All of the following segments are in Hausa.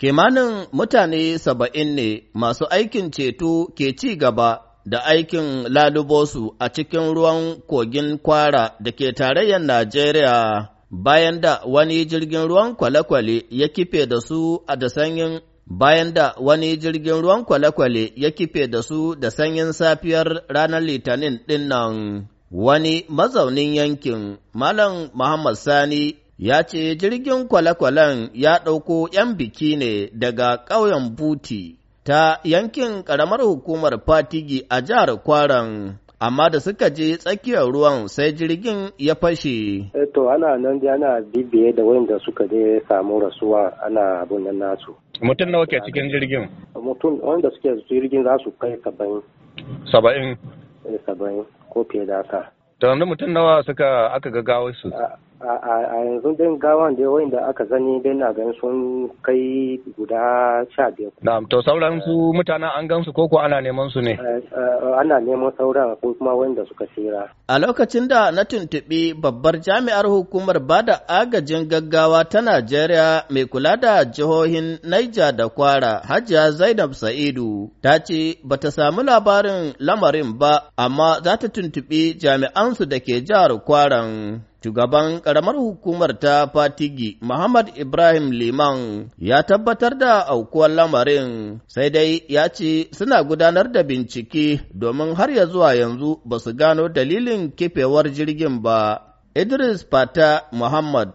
Kimanin mutane saba'in ne masu aikin ceto ke ci gaba da aikin lalubosu a cikin ruwan kogin kwara da ke tarayyar Najeriya bayan da wani jirgin ruwan kwale-kwale ya kife da su a da sanyin bayan da wani jirgin ruwan kwale ya kife da su da sanyin safiyar ranar Litinin ɗinnan, wani mazaunin yankin Malam Muhammad Sani ya ce jirgin kwale-kwalen ya ɗauko ‘yan biki ne daga ƙauyen Buti ta yankin ƙaramar hukumar Fatigi a jihar Kwaran. amma da suka je tsakiyar ruwan sai jirgin ya fashe. Eh, to ana nan da ana bibiye da wanda suka je samu rasuwa ana abun nan nasu. Mutum nawa ke cikin jirgin? Mutum wanda suke jirgin za su kai saba'in. Saba'in? Eh, saba'in ko fiye da haka. Tunanin mutum nawa suka aka gaggawa su? Ah, a yanzu din gawan da wayan da aka zani dai na gan sun kai guda sha biyar. Na'am to sauran su eh. mutanen an gan su koko ana neman su ne? Eh, eh, ana neman sauran ko kuma wanda suka tsira. A lokacin da na tuntuɓi babbar jami'ar hukumar bada agajin gaggawa ta Najeriya mai kula da jihohin Naija da Kwara Hajiya Zainab Sa'idu ta ce ba ta samu labarin lamarin ba amma za ta tuntuɓi jami'ansu da ke jihar Kwaran. Shugaban ƙaramar hukumar ta Fatigi, Muhammad Ibrahim Liman, ya tabbatar da aukuwar lamarin, sai dai ya ce suna gudanar da bincike domin har ya zuwa yanzu ba su gano dalilin kifewar jirgin ba. Idris Fata Muhammad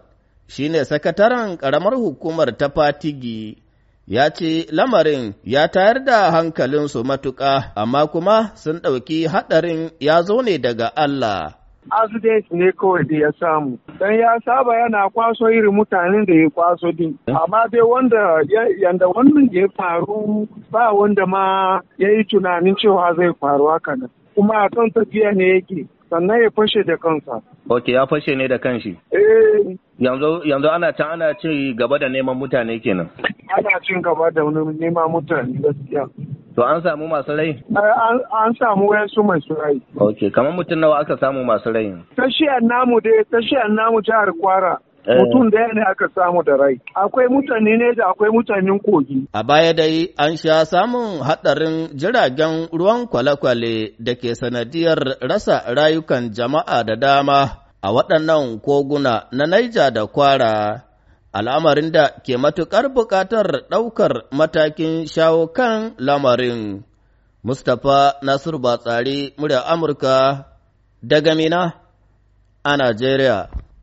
shi ne sakataren ƙaramar hukumar ta Fatigi. ya ce lamarin ya tayar da hankalinsu matuƙa, amma kuma sun ɗauki haɗarin ya zo ne daga Allah. accident ne kawai da ya samu dan ya saba yana kwaso irin mutanen da ya kwaso din amma dai wanda yanda wannan ya faru ba wanda ma ya yi tunanin cewa zai faru haka nan kuma a kan tafiya ne yake sannan ya fashe da kansa ok ya fashe ne da kanshi eh. yanzu ana can ana ci gaba da neman mutane kenan ana cin gaba da neman mutane gaskiya To an samu masu rai? Eh, an samu wayansu masu rai. Ok, kamar mutum nawa aka samu masu rai? Tashiyar namu dai, tashiyar namu jihar Kwara. Eh. Mutum daya ne aka samu da rai. Akwai mutane ne da akwai mutanen kogi. A baya dai an sha samun haɗarin jiragen ruwan kwale-kwale da ke sanadiyar rasa rayukan jama'a da dama a waɗannan koguna na Naija da Kwara. al'amarin da ke matuƙar buƙatar ɗaukar matakin shawo kan lamarin. Mustapha Nasiru Batsari, murya Amurka, daga Mina a Najeriya.